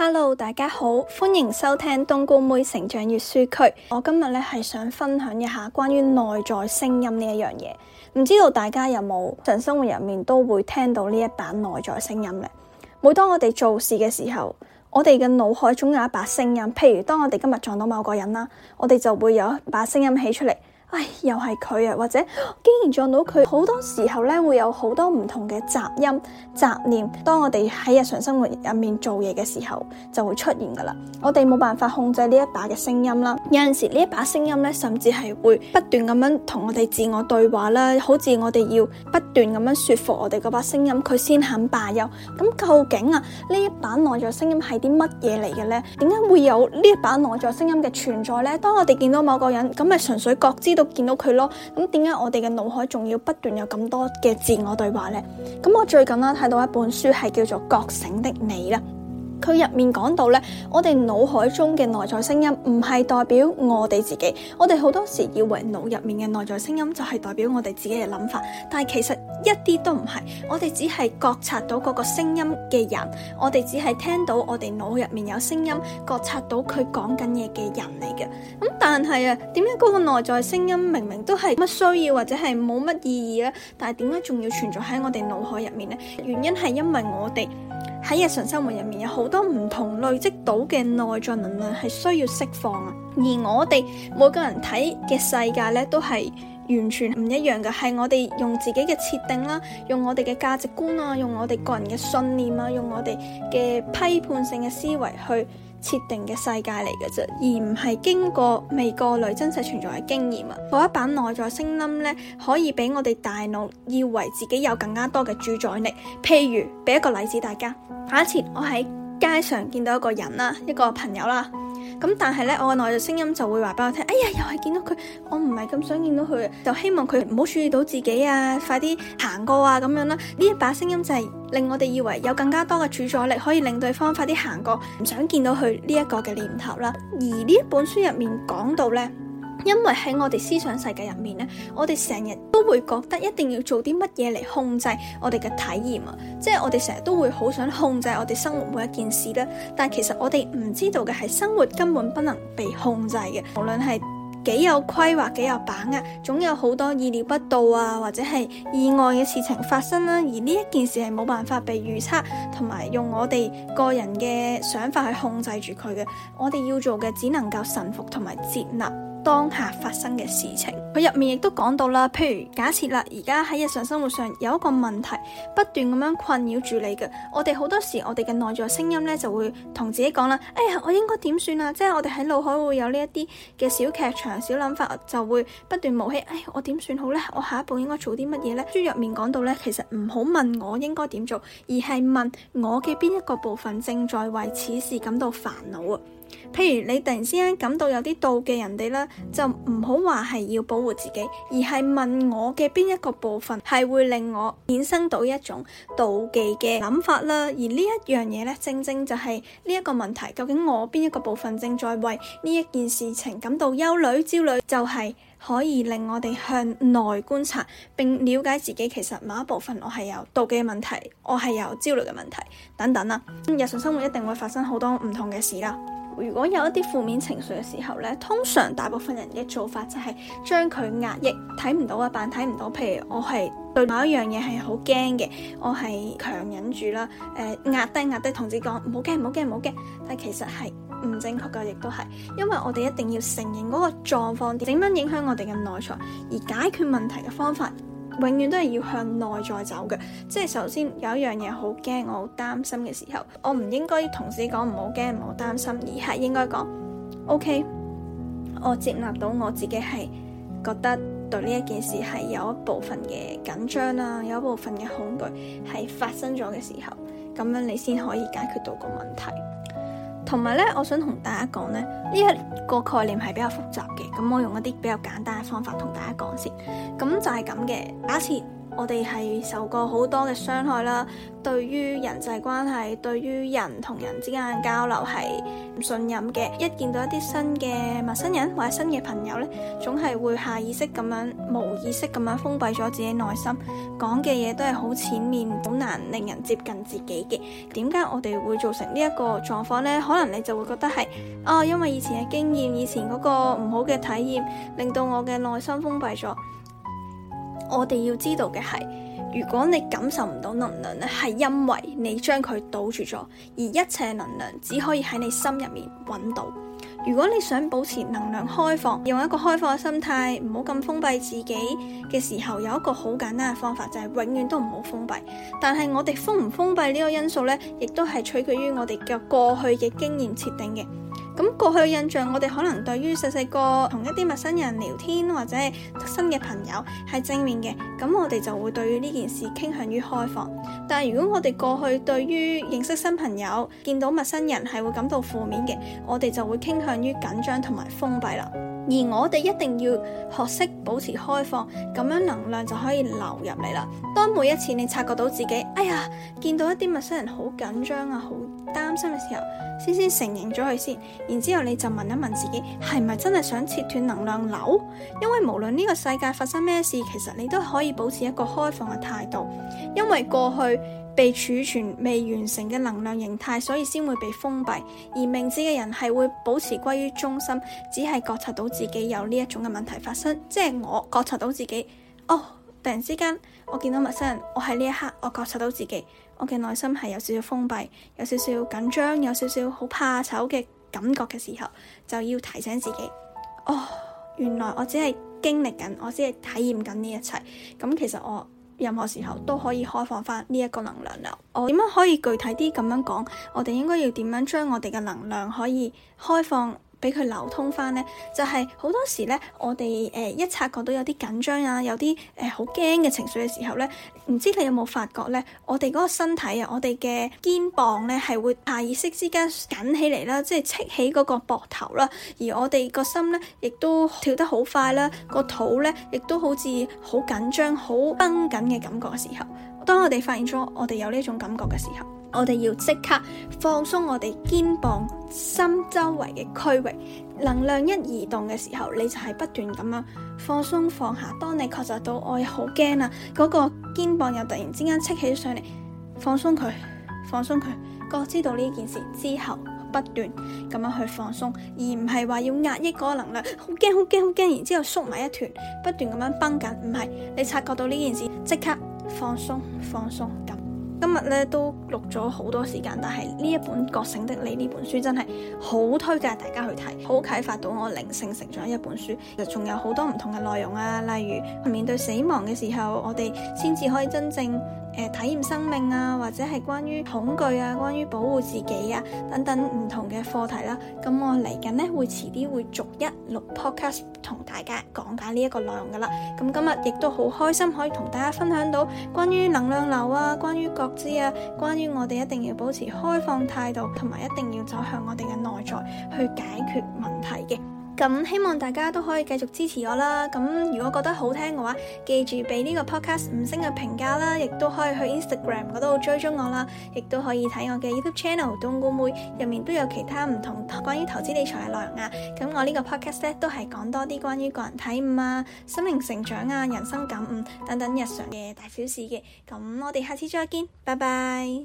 Hello，大家好，歡迎收聽冬菇妹成長閱書區。我今日咧係想分享一下關於內在聲音呢一樣嘢。唔知道大家有冇日常生活入面都會聽到呢一把內在聲音咧？每當我哋做事嘅時候，我哋嘅腦海總有一把聲音，譬如當我哋今日撞到某個人啦，我哋就會有一把聲音起出嚟。唉，又係佢啊！或者，竟然撞到佢，好多時候咧會有好多唔同嘅雜音、雜念。當我哋喺日常生活入面做嘢嘅時候，就會出現噶啦。我哋冇辦法控制呢一把嘅聲音啦。有陣時呢一把聲音咧，甚至係會不斷咁樣同我哋自我對話啦。好似我哋要不斷咁樣說服我哋嗰把聲音，佢先肯罷休。咁究竟啊，呢一把內在聲音係啲乜嘢嚟嘅咧？點解會有呢一把內在聲音嘅存在咧？當我哋見到某個人，咁咪純粹覺知。都見到佢咯，咁點解我哋嘅腦海仲要不斷有咁多嘅自我對話呢？咁我最近呢睇到一本書係叫做《覺醒的你》啦。佢入面講到咧，我哋腦海中嘅內在聲音唔係代表我哋自己，我哋好多時以為腦入面嘅內在聲音就係代表我哋自己嘅諗法，但係其實一啲都唔係，我哋只係覺察到嗰個聲音嘅人，我哋只係聽到我哋腦入面有聲音，覺察到佢講緊嘢嘅人嚟嘅。咁但係啊，點解嗰個內在聲音明明都係乜需要或者係冇乜意義咧？但係點解仲要存在喺我哋腦海入面咧？原因係因為我哋。喺日常生活入面，有好多唔同累積到嘅內在能量，係需要釋放嘅。而我哋每個人睇嘅世界呢，都係，完全唔一樣嘅，係我哋用自己嘅設定啦，用我哋嘅價值觀啊，用我哋個人嘅信念啊，用我哋嘅批判性嘅思維去設定嘅世界嚟嘅啫，而唔係經過未過濾真實存在嘅經驗啊。我一版內在聲音咧，可以俾我哋大腦以為自己有更加多嘅主宰力。譬如，俾一個例子，大家，假設我喺街上見到一個人啦，一個朋友啦。咁但係咧，我內在聲音就會話俾我聽，哎呀，又係見到佢，我唔係咁想見到佢，就希望佢唔好注意到自己啊，快啲行過啊，咁樣啦。呢一把聲音就係令我哋以為有更加多嘅主宰力，可以令對方快啲行過，唔想見到佢呢一個嘅念頭啦。而呢本書入面講到呢。因為喺我哋思想世界入面呢，我哋成日都會覺得一定要做啲乜嘢嚟控制我哋嘅體驗啊，即係我哋成日都會好想控制我哋生活每一件事咧。但其實我哋唔知道嘅係生活根本不能被控制嘅，無論係幾有規劃、幾有把握，總有好多意料不到啊，或者係意外嘅事情發生啦。而呢一件事係冇辦法被預測同埋用我哋個人嘅想法去控制住佢嘅。我哋要做嘅只能夠臣服同埋接納當下發生的事情。佢入面亦都講到啦，譬如假設啦，而家喺日常生活上有一個問題不斷咁樣困擾住你嘅，我哋好多時我哋嘅內在聲音咧就會同自己講啦，哎呀，我應該點算啊？即係我哋喺腦海會有呢一啲嘅小劇場、小諗法，就會不斷冒起，哎，我點算好呢？我下一步應該做啲乜嘢咧？書入面講到咧，其實唔好問我應該點做，而係問我嘅邊一個部分正在為此事感到煩惱啊？譬如你突然之間感到有啲妒忌人哋啦，就唔好話係要報。保護自己，而係問我嘅邊一個部分係會令我衍生到一種妒忌嘅諗法啦。而呢一樣嘢咧，正正就係呢一個問題。究竟我邊一個部分正在為呢一件事情感到憂慮、焦慮，就係可以令我哋向內觀察，並了解自己其實某一部分我係有妒忌嘅問題，我係有焦慮嘅問題等等啦，嗯。日常生活一定會發生好多唔同嘅事啦。如果有一啲負面情緒嘅時候呢，通常大部分人嘅做法就係將佢壓抑，睇唔到啊，扮睇唔到。譬如我係對某一樣嘢係好驚嘅，我係強忍住啦，誒、呃、壓低壓低壓低，同自己講唔好驚唔好驚唔好驚，但其實係唔正確嘅，亦都係，因為我哋一定要承認嗰個狀況點點樣影響我哋嘅內在，而解決問題嘅方法。永遠都係要向內在走嘅，即係首先有一樣嘢好驚，我好擔心嘅時候，我唔應該同時講唔好驚唔好擔心，而係應該講 OK，我接納到我自己係覺得對呢一件事係有一部分嘅緊張啦、啊，有一部分嘅恐懼係發生咗嘅時候，咁樣你先可以解決到個問題。同埋咧，我想同大家講咧，呢一個概念係比較複雜嘅，咁我用一啲比較簡單嘅方法同大家講先。咁就係咁嘅，假設。我哋係受過好多嘅傷害啦，對於人際關係，對於人同人之間嘅交流係唔信任嘅。一見到一啲新嘅陌生人或者新嘅朋友咧，總係會下意識咁樣、無意識咁樣封閉咗自己內心，講嘅嘢都係好淺面、好難令人接近自己嘅。點解我哋會造成呢一個狀況呢？可能你就會覺得係哦，因為以前嘅經驗、以前嗰個唔好嘅體驗，令到我嘅內心封閉咗。我哋要知道嘅係，如果你感受唔到能量咧，係因為你將佢堵住咗，而一切能量只可以喺你心入面揾到。如果你想保持能量開放，用一個開放嘅心態，唔好咁封閉自己嘅時候，有一個好簡單嘅方法就係永遠都唔好封閉。但係我哋封唔封閉呢個因素咧，亦都係取決於我哋嘅過去嘅經驗設定嘅。咁過去印象，我哋可能對於細細個同一啲陌生人聊天或者新嘅朋友係正面嘅，咁我哋就會對於呢件事傾向於開放。但係如果我哋過去對於認識新朋友、見到陌生人係會感到負面嘅，我哋就會傾向於緊張同埋封閉啦。而我哋一定要學識保持開放，咁樣能量就可以流入嚟啦。當每一次你察覺到自己，哎呀，見到一啲陌生人好緊張啊，好～擔心嘅時候，先先承認咗佢先，然之後你就問一問自己，係咪真係想切斷能量流？因為無論呢個世界發生咩事，其實你都可以保持一個開放嘅態度。因為過去被儲存未完成嘅能量形態，所以先會被封閉。而明智嘅人係會保持歸於中心，只係覺察到自己有呢一種嘅問題發生。即係我覺察到自己，哦，突然之間我見到陌生人，我喺呢一刻，我覺察到自己。我嘅內心係有少少封閉，有少少緊張，有少少好怕醜嘅感覺嘅時候，就要提醒自己，哦，原來我只係經歷緊，我只係體驗緊呢一切。咁其實我任何時候都可以開放翻呢一個能量流。我點樣可以具體啲咁樣講？我哋應該要點樣將我哋嘅能量可以開放？俾佢流通翻呢，就係、是、好多時呢，我哋誒、呃、一察覺到有啲緊張啊，有啲誒好驚嘅情緒嘅時候呢，唔知你有冇發覺呢？我哋嗰個身體啊，我哋嘅肩膀呢，係會下意識之間緊起嚟啦，即係戚起嗰個膊頭啦，而我哋個心呢，亦都跳得好快啦，個肚呢，亦都好似好緊張、好繃緊嘅感覺嘅時候。當我哋發現咗我哋有呢種感覺嘅時候。我哋要即刻放鬆我哋肩膀、心周圍嘅區域，能量一移動嘅時候，你就係不斷咁樣放鬆放下。當你覺察到我好驚啊，嗰個肩膀又突然之間戚起上嚟，放鬆佢，放鬆佢。覺知道呢件事之後，不斷咁樣去放鬆，而唔係話要壓抑嗰個能量，好驚好驚好驚，然之後縮埋一團，不斷咁樣繃緊。唔係，你察覺到呢件事，即刻放鬆放鬆咁。今日咧，都錄咗好多時間，但係呢一本覺醒的你呢本書真係好推介大家去睇，好啟發到我靈性成長一本書。其實仲有好多唔同嘅內容啊，例如面對死亡嘅時候，我哋先至可以真正。誒、呃，體驗生命啊，或者係關於恐懼啊，關於保護自己啊，等等唔同嘅課題啦。咁我嚟緊咧會遲啲會逐一錄 podcast 同大家講解呢一個內容噶啦。咁今日亦都好開心可以同大家分享到關於能量流啊，關於覺知啊，關於我哋一定要保持開放態度，同埋一定要走向我哋嘅內在去解決問題嘅。咁希望大家都可以繼續支持我啦。咁如果覺得好聽嘅話，記住俾呢個 podcast 五星嘅評價啦，亦都可以去 Instagram 嗰度追蹤我啦，亦都可以睇我嘅 YouTube channel 冬菇妹入面都有其他唔同關於投資理財嘅內容啊。咁我這個呢個 podcast 咧都係講多啲關於個人體悟啊、心靈成長啊、人生感悟等等日常嘅大小事嘅。咁我哋下次再見，拜拜。